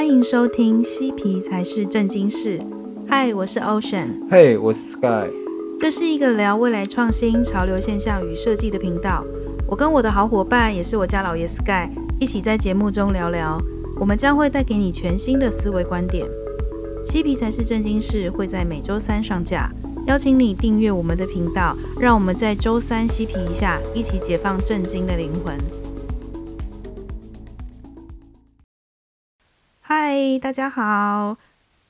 歡迎收聽《嬉皮才是正經事》。嗨，我是 Ocean。嘿，hey, 我是 Sky。這是一個聊未來創新、潮流現象與設計的頻道。我跟我的好夥伴，也是我家老爺 Sky，一起在節目中聊聊，我們將會帶給你全新的思維觀點。《嬉皮才是正經事》會在每周三上架，邀請你訂閱我們的頻道，讓我們在周三嬉皮一下，一起解放正經的靈魂。大家好，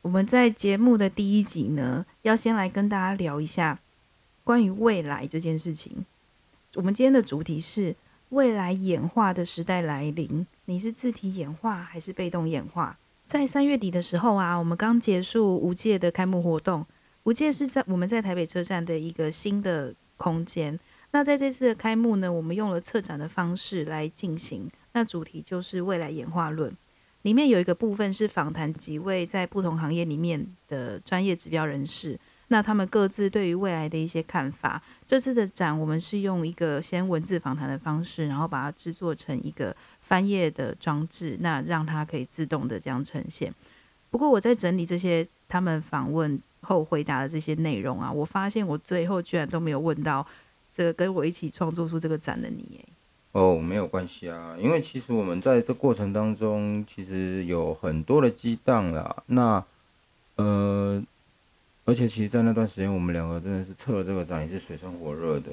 我們在節目的第一集呢，要先來跟大家聊一下關於未來這件事情。我們今天的主題是未來演化的時代來臨，你是自體演化還是被動演化？在三月底的時候啊，我們剛結束無界的開幕活動。無界是在我們在台北車站的一個新的空間。那在這次的開幕呢，我們用了策展的方式來進行。那主題就是未來演化論。裡面有一個部分是訪談幾位在不同行業裡面的專業指標人士，那他們各自對於未來的一些看法。這次的展我們是用一個先文字訪談的方式，然後把它制作成一個翻頁的裝置，那讓它可以自動的這樣呈現。不過我在整理這些他們訪問後回答的這些內容啊，我發現我最後居然都沒有問到這個跟我一起創作出這個展的你。哦，oh, 沒有關係啊，因為其實我們在這過程當中，其實有很多的激盪啦。那，呃，而且其實，在那段時間，我們兩個真的是策了這個展，也是水深火熱的。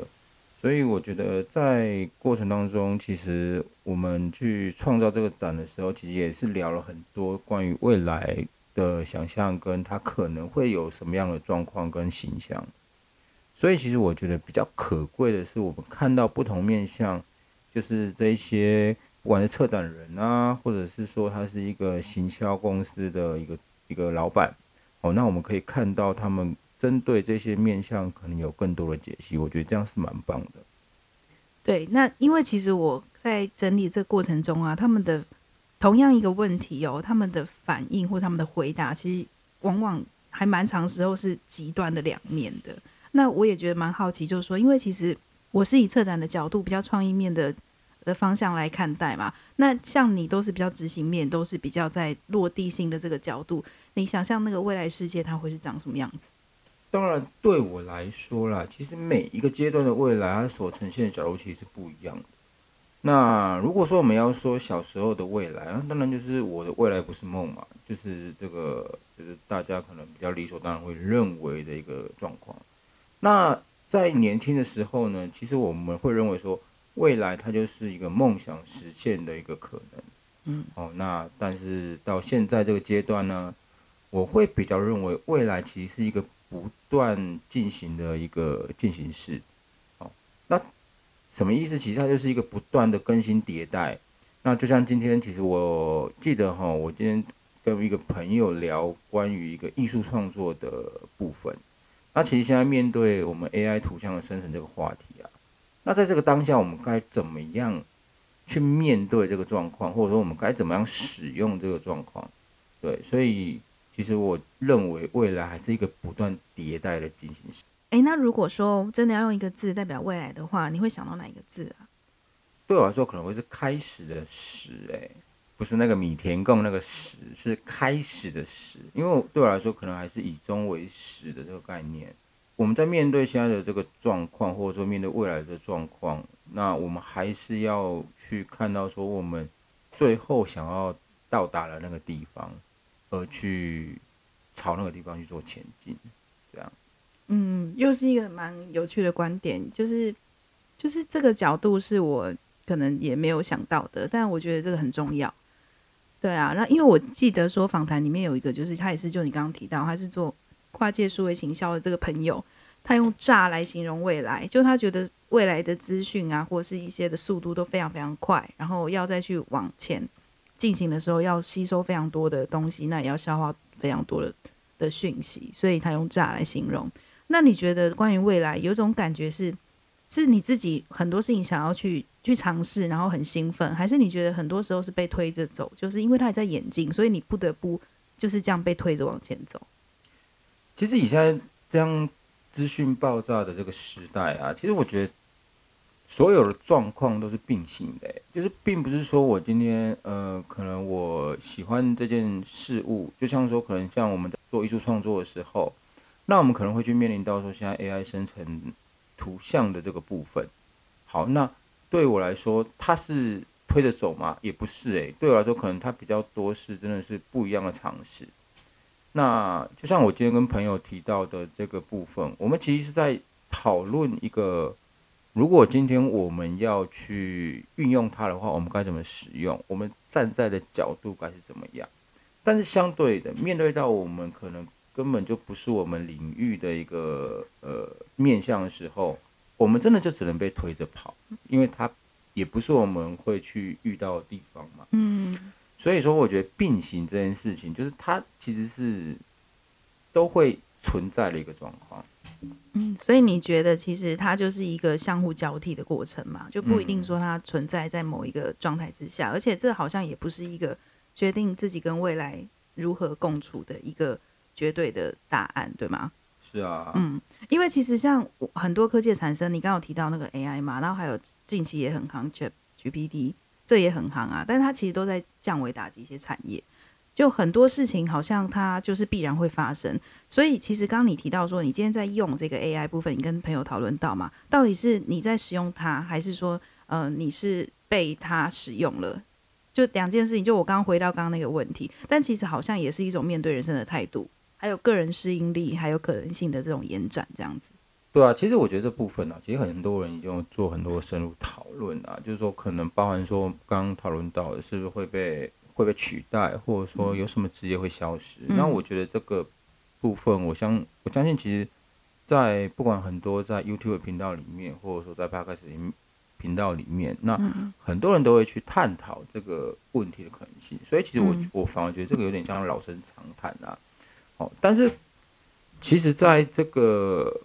所以，我覺得在過程當中，其實我們去創造這個展的時候，其實也是聊了很多關於未來的想象，跟它可能會有什麼樣的狀況跟形象。所以，其實我覺得比較可貴的是，我們看到不同面向。就是這一些，不管是策展人啊，或者是說他是一個行銷公司的一個一個老闆，哦，那我們可以看到他們針對這些面向，可能有更多的解析。我覺得這樣是蠻棒的。對，那因為其實我在整理這個過程中啊，他們的同樣一個問題哦，他們的反應或他們的回答，其實往往還蠻長時候是極端的兩面的。那我也覺得蠻好奇，就是說，因為其實我是以策展的角度，比較創意面的。的方向來看待嘛，那像你都是比較執行面，都是比較在落地性的這個角度，你想象那個未來世界它會是長什麼樣子？當然對我來說啦，其實每一個階段的未來它所呈現的角度其實是不一樣的。那如果說我們要說小時候的未來啊，那當然就是我的未來不是夢嘛，就是這個就是大家可能比較理所當然會認為的一個狀況。那在年輕的時候呢，其實我們會認為說。未來它就是一個夢想實現的一個可能，嗯，哦，那但是到現在這個階段呢，我會比較認為未來其實是一個不斷進行的一個進行式，哦，那什麼意思？其實它就是一個不斷的更新迭代。那就像今天，其實我記得哈、哦，我今天跟一個朋友聊關於一個藝術創作的部分，那其實現在面對我們 AI 圖像的生成這個話題啊。那在這個當下，我們該怎麼樣去面對這個狀況，或者說我們該怎麼樣使用這個狀況？對，所以其實我認為未來還是一個不斷迭代的進行式。欸，那如果說真的要用一個字代表未來的話，你會想到哪一個字啊？對我來說，可能會是“開始”的“始”。誒，不是那個米田共那個“始”，是“開始”的“始”。因為對我來說，可能還是以終為始的這個概念。我們在面對現在的這個狀況，或者說面對未來的狀況，那我們還是要去看到說我們最後想要到達的那個地方，而去朝那個地方去做前進。這樣，嗯，又是一個蠻有趣的觀點，就是就是這個角度是我可能也沒有想到的，但我覺得這個很重要。對啊，那因為我記得說訪談裡面有一個，就是他也是就你剛剛提到，他是做跨界數位行銷的這個朋友。他用“炸”來形容未來，就他覺得未來的資訊啊，或者是一些的速度都非常非常快，然後要再去往前進行的時候，要吸收非常多的東西，那也要消化非常多的的訊息，所以他用“炸”來形容。那你覺得關於未來，有種感覺是，是你自己很多事情想要去去嘗試，然後很興奮，還是你覺得很多時候是被推着走，就是因為他還在演進，所以你不得不就是這樣被推着往前走？其實以前這樣。資訊爆炸的這個時代啊，其實我覺得所有的狀況都是並行的，欸，就是並不是說我今天呃，可能我喜歡這件事物，就像說可能像我們在做藝術創作的時候，那我們可能會去面臨到說現在 AI 生成圖像的這個部分。好，那對我來說，它是推着走嗎？也不是誒、欸，對我來說，可能它比較多是真的是不一樣的嘗試。那就像我今天跟朋友提到的這個部分，我們其實是在討論一個，如果今天我們要去運用它的話，我們該怎麼使用？我們站在的角度該是怎麼樣？但是相對的，面對到我們可能根本就不是我們領域的一個呃面向的時候，我們真的就只能被推着跑，因為它也不是我們會去遇到的地方嘛。嗯。所以說，我覺得並行這件事情，就是它其實是都會存在的一個狀況。嗯，所以你覺得其實它就是一個相互交替的過程嘛？就不一定說它存在在某一個狀態之下，嗯、而且這好像也不是一個決定自己跟未來如何共處的一個絕對的答案，對嗎？是啊，嗯，因為其實像很多科技的產生，你剛有提到那個 AI 嘛，然後還有近期也很夯 ChatGPT 這也很行啊，但是它其實都在降維打擊一些產業，就很多事情好像它就是必然會發生。所以其實剛剛你提到說，你今天在用這個 AI 部分，你跟朋友討論到嘛，到底是你在使用它，還是說，呃，你是被它使用了？就兩件事情。就我剛剛回到剛剛那個問題，但其實好像也是一種面對人生的態度，還有個人適應力，還有可能性的這種延展，這樣子。對啊，其實我覺得這部分呢、啊，其實很多人已經做很多深入討論啊，就是說可能包含說剛剛討論到的是不是會被會被取代，或者說有什麼職業會消失？嗯、那我覺得這個部分我，我相我相信，其實在不管很多在 YouTube 頻道裡面，或者說在 Podcast 頻道裡面，那很多人都會去探討這個問題的可能性。所以其實我我反而覺得這個有點像老生常談啊。哦，但是其實在這個。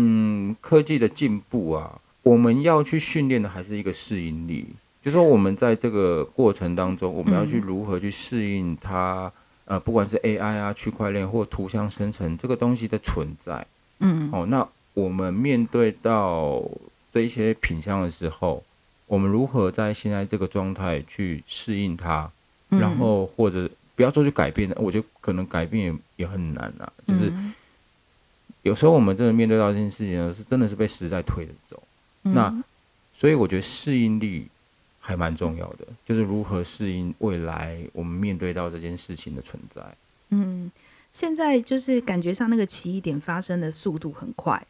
嗯，科技的進步啊，我們要去訓練的還是一個適應力，就是、說我們在這個過程當中，嗯、我們要去如何去適應它，呃，不管是 AI 啊、區塊鏈或圖像生成這個東西的存在，嗯，哦，那我們面對到這一些品相的時候，我們如何在現在這個狀態去適應它，嗯、然後或者不要說去改變，我覺得可能改變也，也很難啊，就是。嗯有時候我們真的面對到這件事情呢，是真的是被時代推着走。嗯，那所以我覺得適應力還蠻重要的，就是如何適應未來我們面對到這件事情的存在。嗯，現在就是感覺上那個奇異點發生的速度很快，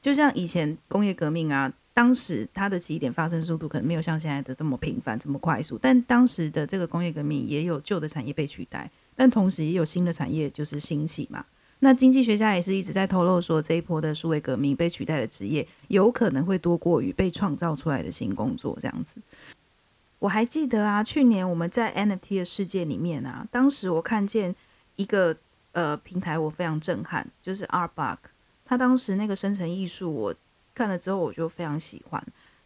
就像以前工業革命啊，當時它的奇異點發生速度可能沒有像現在的這麼頻繁、這麼快速，但當時的這個工業革命也有舊的產業被取代，但同時也有新的產業就是興起嘛。那經濟學家也是一直在透露說，這一波的數位革命被取代的職業，有可能會多過於被創造出來的新工作。這樣子，我還記得啊，去年我們在 NFT 的世界裡面啊，當時我看見一個呃平台，我非常震撼，就是 Art Blocks，他當時那個生成藝術，我看了之後我就非常喜歡。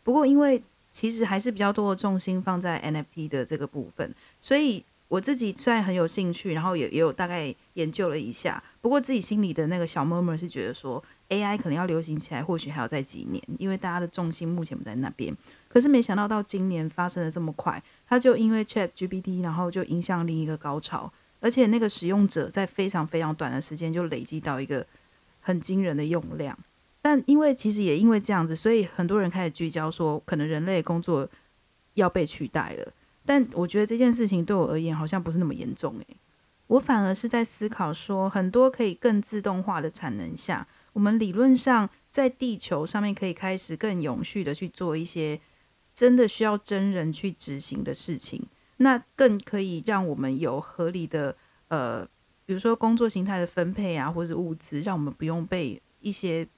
不過因為其實還是比較多的重心放在 NFT 的這個部分，所以。我自己雖然很有興趣，然後也也有大概研究了一下，不過自己心裡的那個小 murmur 是覺得說，AI 可能要流行起來，或許還要再幾年，因為大家的重心目前不在那邊。可是沒想到到今年發生的這麼快，它就因為 ChatGPT，然後就迎向另一個高潮，而且那個使用者在非常非常短的時間就累積到一個很驚人的用量。但因為其實也因為這樣子，所以很多人開始聚焦說，可能人類工作要被取代了。但我覺得這件事情對我而言好像不是那麼嚴重誒、欸，我反而是在思考說，很多可以更自動化的產能下，我們理論上在地球上面可以開始更永續的去做一些真的需要真人去執行的事情，那更可以讓我們有合理的呃，比如說工作形態的分配啊，或是物資，讓我們不用被一些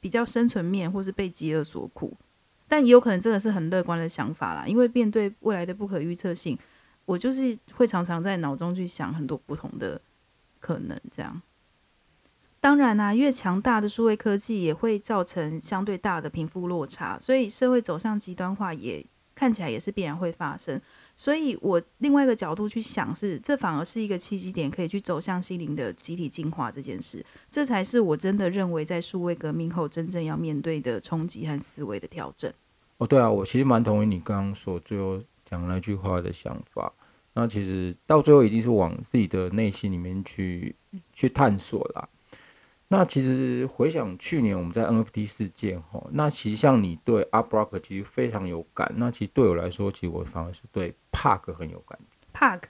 比較生存面或是被飢餓所苦。但也有可能真的是很樂觀的想法啦，因為面對未來的不可預測性，我就是會常常在腦中去想很多不同的可能。這樣，當然啦、啊，越強大的數位科技也會造成相對大的貧富落差，所以社會走向極端化也。看起來也是必然會發生，所以我另外一個角度去想是，這反而是一個契機點，可以去走向心靈的集體進化這件事，這才是我真的認為在數位革命後真正要面對的衝擊和思維的調整。哦，對啊，我其實蠻同意你剛剛所最後講那句話的想法，那其實到最後已經是往自己的內心裡面去去探索了。那其實回想去年我們在 NFT 事件吼，那其實像你對 Artblock 其實非常有感，那其實對我來說，其實我反而是對 Park 很有感。Park，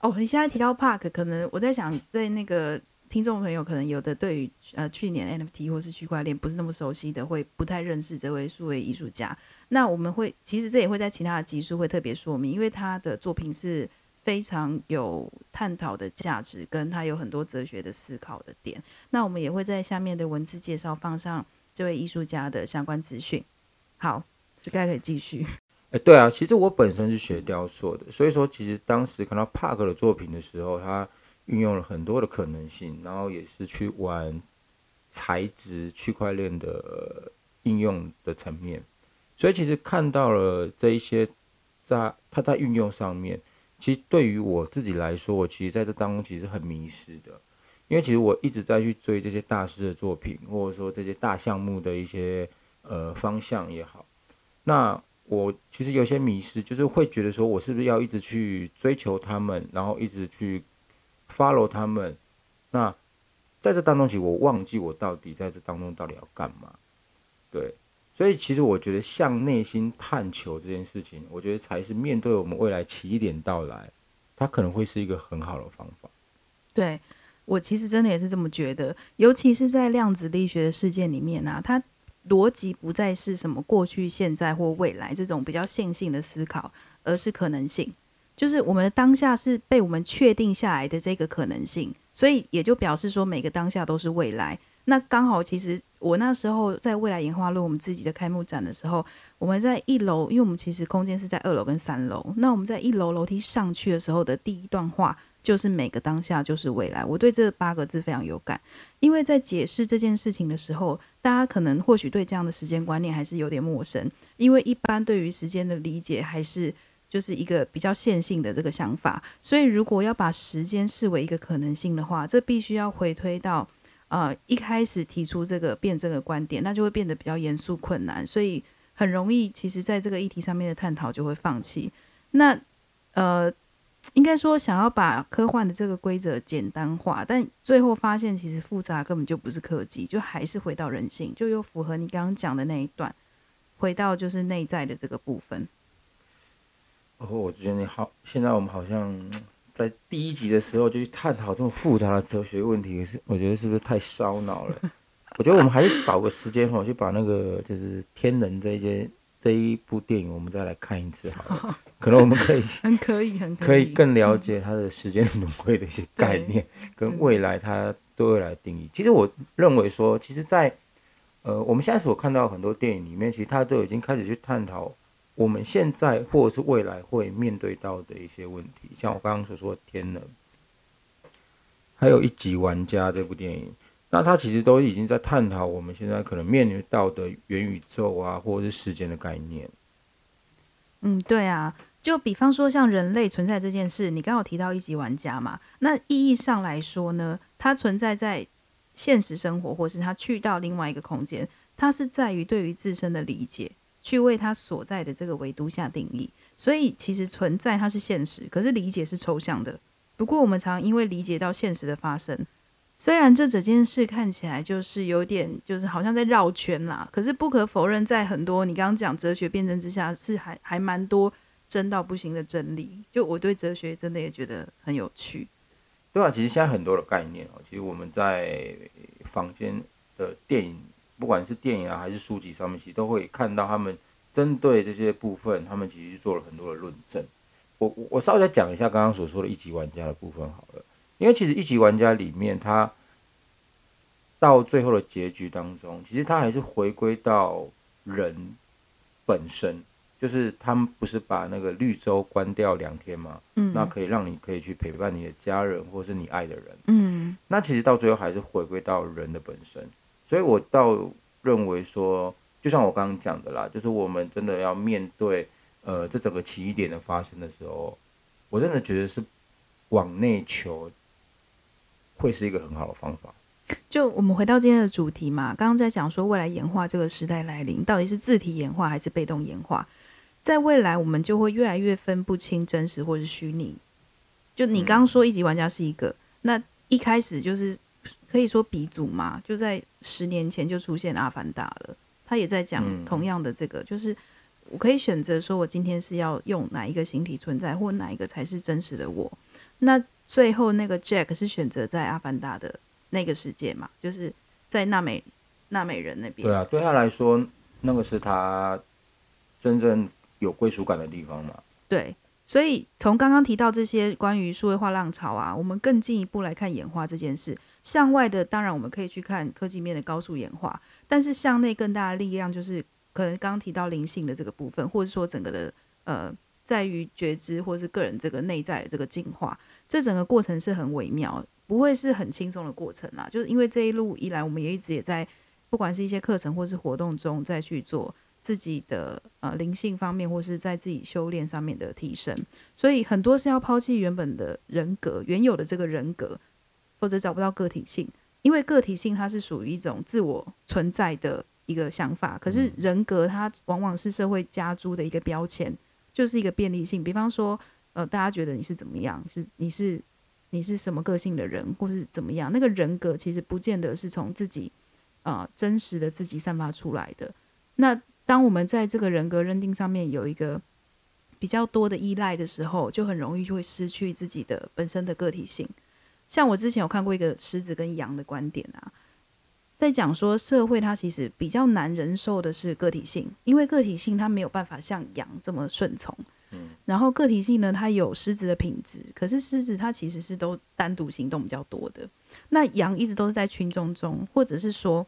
哦，你現在提到 Park，可能我在想，在那個聽眾朋友可能有的對於呃去年 NFT 或是區塊鏈不是那麼熟悉的，會不太認識這位數位藝術家。那我們會其實這也會在其他的集數會特別說明，因為他的作品是。非常有探討的價值，跟他有很多哲學的思考的點。那我們也會在下面的文字介紹放上這位藝術家的相關資訊。好，Sky 可以繼續。哎，欸、對啊，其實我本身是學雕塑的，所以說其實當時看到帕克的作品的時候，他運用了很多的可能性，然後也是去玩材質、區塊鏈的應用的層面。所以其實看到了這一些在，在他在運用上面。其實對於我自己來說，我其實在這當中其實很迷失的，因為其實我一直在去追這些大師的作品，或者說這些大項目的一些呃方向也好，那我其實有些迷失，就是會覺得說，我是不是要一直去追求他們，然後一直去 follow 他們？那在這當中，其實我忘記我到底在這當中到底要幹嘛？對。所以，其實我覺得向內心探求這件事情，我覺得才是面對我們未來奇點到來，它可能會是一個很好的方法。對，我其實真的也是這麼覺得，尤其是在量子力學的世界裡面呢、啊，它邏輯不再是什麼過去、現在或未來這種比較線性的思考，而是可能性。就是我們的當下是被我們確定下來的這個可能性，所以也就表示說，每個當下都是未來。那剛好，其實。我那時候在未來演化論我們自己的開幕展的時候，我們在一樓，因為我們其實空間是在二樓跟三樓。那我們在一樓樓梯梯上去的時候的第一段話，就是每個當下就是未來。我對這八個字非常有感，因為在解釋這件事情的時候，大家可能或許對這樣的時間觀念還是有點陌生，因為一般對於時間的理解還是就是一個比較線性的這個想法。所以如果要把時間視為一個可能性的話，這必須要回推到。呃，一開始提出這個辯證的觀點，那就會變得比較嚴肅困難，所以很容易，其實在這個議題上面的探討就會放棄。那呃，應該說想要把科幻的這個規則簡單化，但最後發現其實複雜根本就不是科技，就還是回到人性，就又符合你剛剛講的那一段，回到就是內在的這個部分。然後、哦、我覺得你好，現在我們好像，在第一集的時候就去探討這麼複雜的哲學問題，是我覺得是不是太燒腦了？ 我覺得我們還是找個時間、哦，吼， 去把那個就是《天人》這一些這一部電影，我們再來看一次好了，好， 可能我們可以 很可以很可以，可以更了解它的時間輪回的一些概念對跟未來它對未來的定義。對其實我認為說，其實在，在呃我們現在所看到很多電影裡面，其實它都已經開始去探討。我們現在或者是未來會面對到的一些問題，像我剛剛所說的，天能，還有《一級玩家》這部電影，那它其實都已經在探討我們現在可能面臨到的元宇宙啊，或者是時間的概念。嗯，對啊，就比方說像人類存在這件事，你剛剛有提到《一級玩家》嘛，那意義上來說呢，它存在在現實生活，或是它去到另外一個空間，它是在於對於自身的理解。去為它所在的這個維度下定義，所以其實存在它是現實，可是理解是抽象的。不過我們常因為理解到現實的發生，雖然這整件事看起來就是有點就是好像在繞圈啦，可是不可否認，在很多你剛剛講哲學辯證之下，是還還蠻多真到不行的真理。就我對哲學真的也覺得很有趣。對啊，其實現在很多的概念其實我們在房間的電影。不管是電影啊，還是書籍上面，其實都會看到他們針對這些部分，他們其實做了很多的論證。我我我稍微再講一下剛剛所說的一級玩家的部分好了，因為其實一級玩家裡面，他到最後的結局當中，其實他還是回歸到人本身，就是他們不是把那個綠洲關掉兩天嗎？嗯，那可以讓你可以去陪伴你的家人，或是你愛的人。嗯，那其實到最後還是回歸到人的本身。所以，我倒認為說，就像我剛剛講的啦，就是我們真的要面對，呃，這整個奇點的發生的時候，我真的覺得是往內求會是一個很好的方法。就我們回到今天的主題嘛，剛剛在講說未來演化這個時代來臨，到底是自體演化還是被動演化？在未來，我們就會越來越分不清真實或是虛擬。就你剛剛說一級玩家是一個，嗯、那一開始就是。可以說鼻祖嘛，就在十年前就出現《阿凡達》了。他也在講同樣的這個，嗯、就是我可以選擇說我今天是要用哪一個形體存在，或哪一個才是真實的我。那最後那個 Jack 是選擇在《阿凡達》的那個世界嘛，就是在納美納美人那邊。對啊，對他來說，那個是他真正有歸屬感的地方嘛。對，所以從剛剛提到這些關於數位化浪潮啊，我們更進一步來看演化這件事。向外的當然我們可以去看科技面的高速演化，但是向內更大的力量就是可能剛剛提到靈性的這個部分，或者說整個的呃，在於覺知或者是個人這個內在的這個進化，這整個過程是很微妙，不會是很輕鬆的過程啊。就是因為這一路以來，我們也一直也在，不管是一些課程或是活動中再去做自己的呃靈性方面，或是在自己修煉上面的提升，所以很多是要拋棄原本的人格，原有的這個人格。否則找不到個體性，因為個體性它是屬於一種自我存在的一個想法。可是人格它往往是社會加諸的一個標籤，就是一個便利性。比方說，呃，大家覺得你是怎麼樣？是你是你是什麼個性的人，或是怎麼樣？那個人格其實不見得是從自己啊、呃、真實的自己散發出來的。那當我們在這個人格認定上面有一個比較多的依賴的時候，就很容易就會失去自己的本身的個體性。像我之前有看過一個獅子跟羊的觀點啊，在講說社會它其實比較難忍受的是個體性，因為個體性它沒有辦法像羊這麼順從。嗯，然後個體性呢，它有獅子的品質，可是獅子它其實是都單獨行動比較多的。那羊一直都是在群眾中，或者是說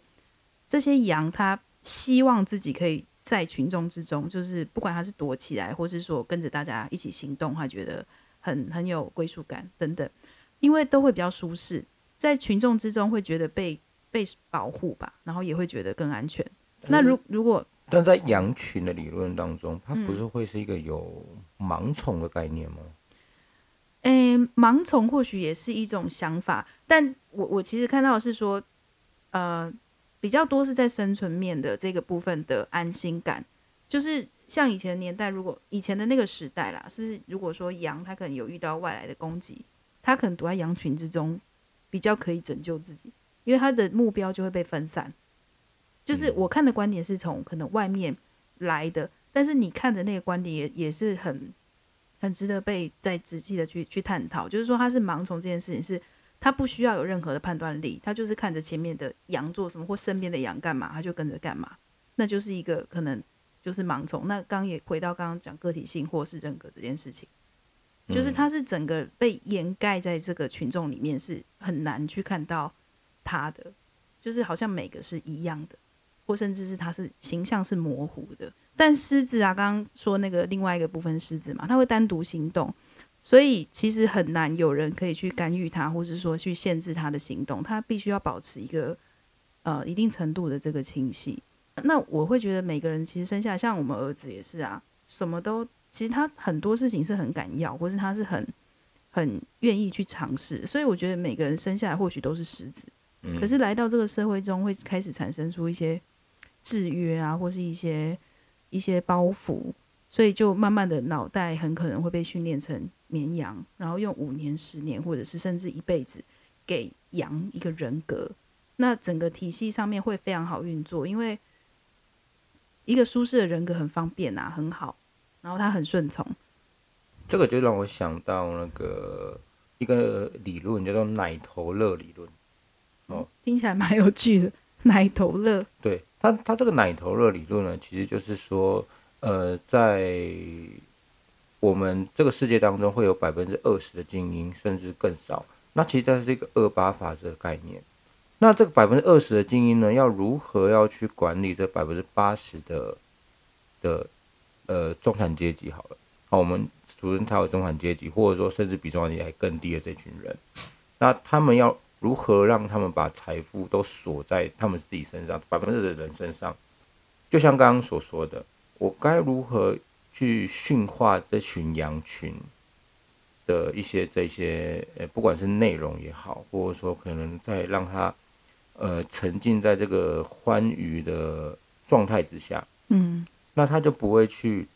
這些羊它希望自己可以在群眾之中，就是不管它是躲起來，或是說跟着大家一起行動，它覺得很很有歸屬感等等。因為都會比較舒適，在群眾之中會覺得被被保護吧，然後也會覺得更安全。那如果但如果但在羊群的理論當中，嗯、它不是會是一個有盲從的概念嗎？誒、欸，盲從或許也是一種想法，但我我其實看到的是說，呃，比較多是在生存面的這個部分的安心感，就是像以前的年代，如果以前的那個時代啦，是不是如果說羊它可能有遇到外來的攻擊？他可能躲在羊群之中，比較可以拯救自己，因為他的目標就會被分散。嗯、就是我看的觀點是從可能外面來的，但是你看的那個觀點也也是很很值得被再仔細的去去探討。就是說他是盲從這件事情，是他不需要有任何的判斷力，他就是看着前面的羊做什麼或身邊的羊幹嘛，他就跟着幹嘛，那就是一個可能就是盲從。那剛也回到剛剛講個體性或是人格這件事情。就是他是整個被掩蓋在這個群眾裡面，是很難去看到他的，就是好像每個是一樣的，或甚至是他是形象是模糊的。但獅子啊，剛剛說那個另外一個部分獅子嘛，他會單獨行動，所以其實很難有人可以去干預他，或是說去限制他的行動。他必須要保持一個呃一定程度的這個清晰。那我會覺得每個人其實生下像我們兒子也是啊，什麼都。其實他很多事情是很敢要，或是他是很很願意去嘗試。所以我覺得每個人生下來或許都是獅子，嗯、可是來到這個社會中，會開始產生出一些制約啊，或是一些一些包袱，所以就慢慢的腦袋很可能會被訓練成綿羊，然後用五年、十年，或者是甚至一輩子給羊一個人格，那整個體系上面會非常好運作，因為一個舒適的人格很方便啊，很好。然後他很順從，這個就讓我想到那個一個理論叫做“奶頭樂”理論，哦，聽起來蠻有趣的“奶頭樂”對。對他，他這個“奶頭樂”理論呢，其實就是說，呃，在我們這個世界當中，會有百分之二十的精英，甚至更少。那其實它是一個二八法則的概念。那這個百分之二十的精英呢，要如何要去管理這百分之八十的的？的呃，中產階級好了，好、哦，我們出他有中產階級，或者說甚至比中產階級還更低的這群人，那他們要如何讓他們把財富都鎖在他們自己身上，百分之十的人身上？就像剛剛所說的，我該如何去馴化這群羊群的一些這些呃，不管是內容也好，或者說可能再讓他呃沉浸在這個歡愉的狀態之下，嗯。那他就不會去，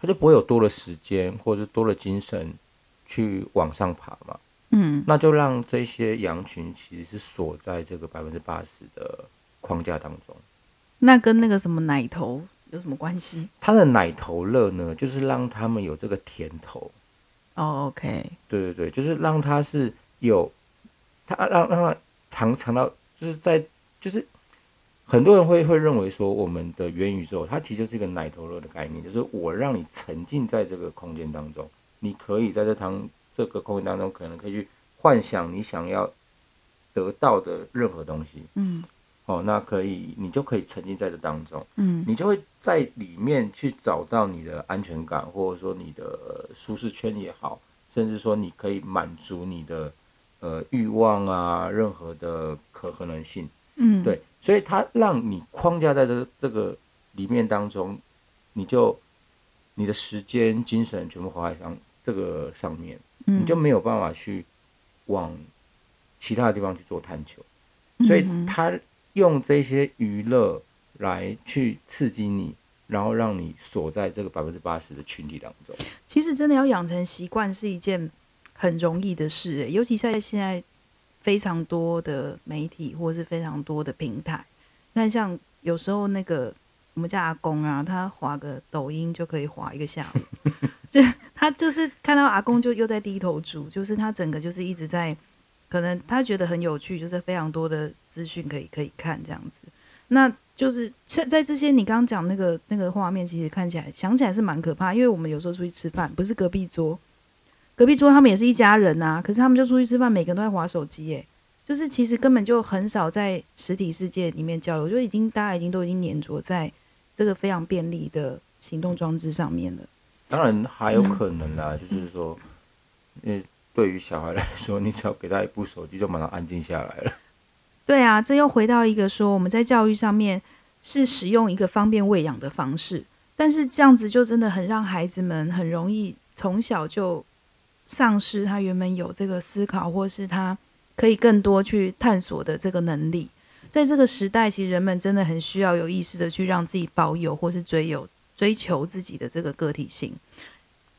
他就不會有多的時間或者是多的精神去往上爬嘛。嗯，那就讓這些羊群其實是鎖在這個百分之八十的框架當中。那跟那個什麼奶頭有什麼關係？它的奶頭樂呢，就是讓他們有這個甜頭。哦，oh, OK。對對對，就是讓他是有，他讓讓他嚐嚐到就，就是在就是。很多人會會認為說，我們的元宇宙它其實是一個奶頭樂的概念，就是我讓你沉浸在這個空間當中，你可以在這堂這個空間當中，可能可以去幻想你想要得到的任何東西。嗯，哦，那可以，你就可以沉浸在這當中。嗯，你就會在裡面去找到你的安全感，或者說你的舒適圈也好，甚至說你可以滿足你的呃欲望啊，任何的可可能性。嗯，對，所以他讓你框架在這個這個裡面當中，你就你的時間、精神全部花在上這個上面，嗯、你就沒有辦法去往其他的地方去做探求。所以他用這些娛樂來去刺激你，然後讓你鎖在這個百分之八十的群體當中。其實真的要養成習慣是一件很容易的事，欸，尤其在現在。非常多的媒體或是非常多的平臺，那像有時候那個我們家阿公啊，他滑個抖音就可以滑一個下午，這他就是看到阿公就又在低頭族，就是他整個就是一直在，可能他覺得很有趣，就是非常多的資訊可以可以看這樣子。那就是在在這些你剛剛講那個那個畫面，其實看起來想起來是蠻可怕，因為我們有時候出去吃飯，不是隔壁桌。隔壁桌他們也是一家人吶、啊。可是他們就出去吃飯，每個人都在滑手機，耶。就是其實根本就很少在實體世界裡面交流，就已經大家已經都已經黏着在這個非常便利的行動裝置上面了。當然還有可能啦、啊， 就是說，嗯，對於小孩來說，你只要給他一部手機，就馬上安靜下來了。對啊，這又回到一個說我們在教育上面是使用一個方便餵養的方式，但是這樣子就真的很讓孩子們很容易從小就。喪失他原本有這個思考，或是他可以更多去探索的這個能力。在這個時代，其實人們真的很需要有意識的去讓自己保有，或是追求追求自己的這個個體性。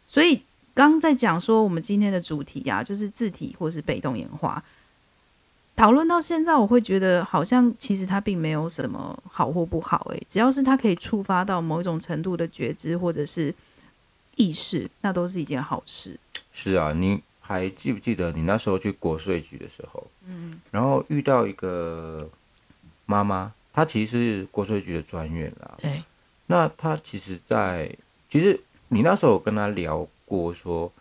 所以，剛剛在講說我們今天的主題呀、啊，就是自體或是被動演化。討論到現在，我會覺得好像其實它並沒有什麼好或不好、欸，誒，只要是它可以觸發到某一種程度的覺知或者是意識，那都是一件好事。是啊，你還記不記得你那時候去國稅局的時候？嗯，然後遇到一個媽媽，她其實是國稅局的專員啦。對。那她其實在、在其實你那時候有跟她聊過說，說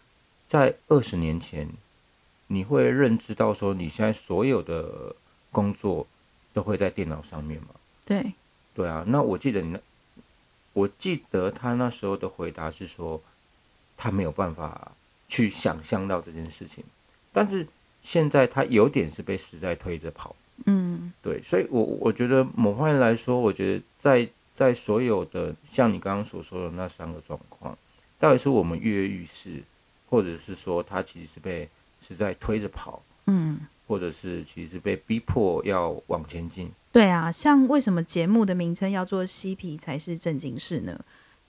在二十年前，你會認知到說你現在所有的工作都會在電腦上面嗎？對。對啊，那我記得你，我記得她那時候的回答是說，她沒有辦法。去想象到這件事情，但是現在他有點是被時代推着跑，嗯，對，所以我，我我覺得，某方面來說，我覺得在在所有的像你剛剛所說的那三個狀況，到底是我們躍躍欲試，或者是說他其實是被時代推着跑，嗯，或者是其實被逼迫要往前進。對啊，像為什麼節目的名稱要做嬉皮才是正經事呢？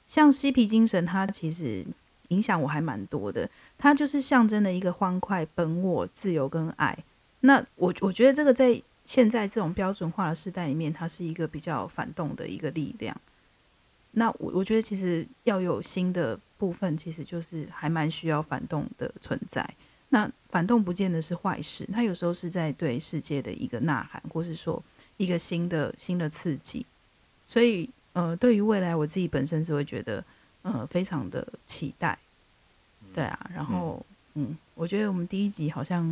像嬉皮精神，它其實。影響我還蠻多的，它就是象徵了一個歡快、本我、自由跟愛。那我我覺得這個在現在這種標準化的時代裡面，它是一個比較反動的一個力量。那我我覺得其實要有新的部分，其實就是還蠻需要反動的存在。那反動不見得是壞事，它有時候是在對世界的一個吶喊，或是說一個新的新的刺激。所以，呃，對於未來，我自己本身是會覺得。嗯、呃，非常的期待，對啊，然後嗯，嗯，我覺得我們第一集好像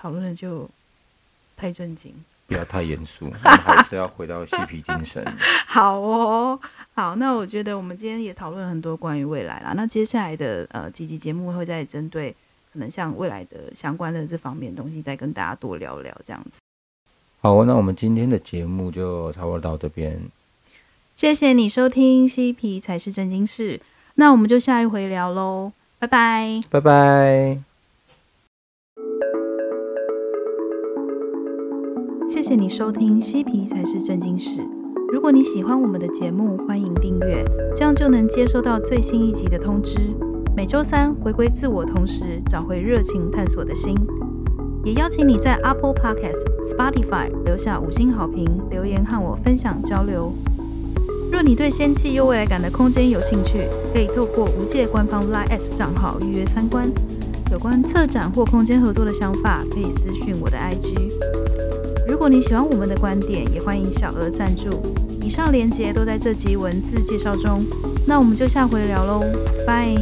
討論的就太正經，不要太嚴肅， 我們還是要回到嬉皮精神。 好哦，好，那我覺得我們今天也討論很多關於未來啦。那接下來的呃幾集節目會再針對可能像未來的相關的這方面的東西，再跟大家多聊聊這樣子。好、哦，那我們今天的節目就差不多到這邊。謝謝你收聽《嬉皮才是正經事》，那我們就下一回聊嘍，拜拜拜拜！Bye bye。謝謝你收聽《嬉皮才是正經事》。如果你喜歡我們的節目，歡迎訂閱，這樣就能接收到最新一集的通知。每周三回歸自我，同時找回熱情探索的心。也邀請你在 Apple Podcast、Spotify 留下五星好評，留言和我分享交流。若你對仙氣又未來感的空間有興趣，可以透過無界官方 LINE@ 賬號預約參觀。有關策展或空間合作的想法，可以私訊我的 IG。如果你喜歡我們的觀點，也歡迎小額贊助。以上鏈接都在這集文字介紹中。那我們就下回聊嘍，拜。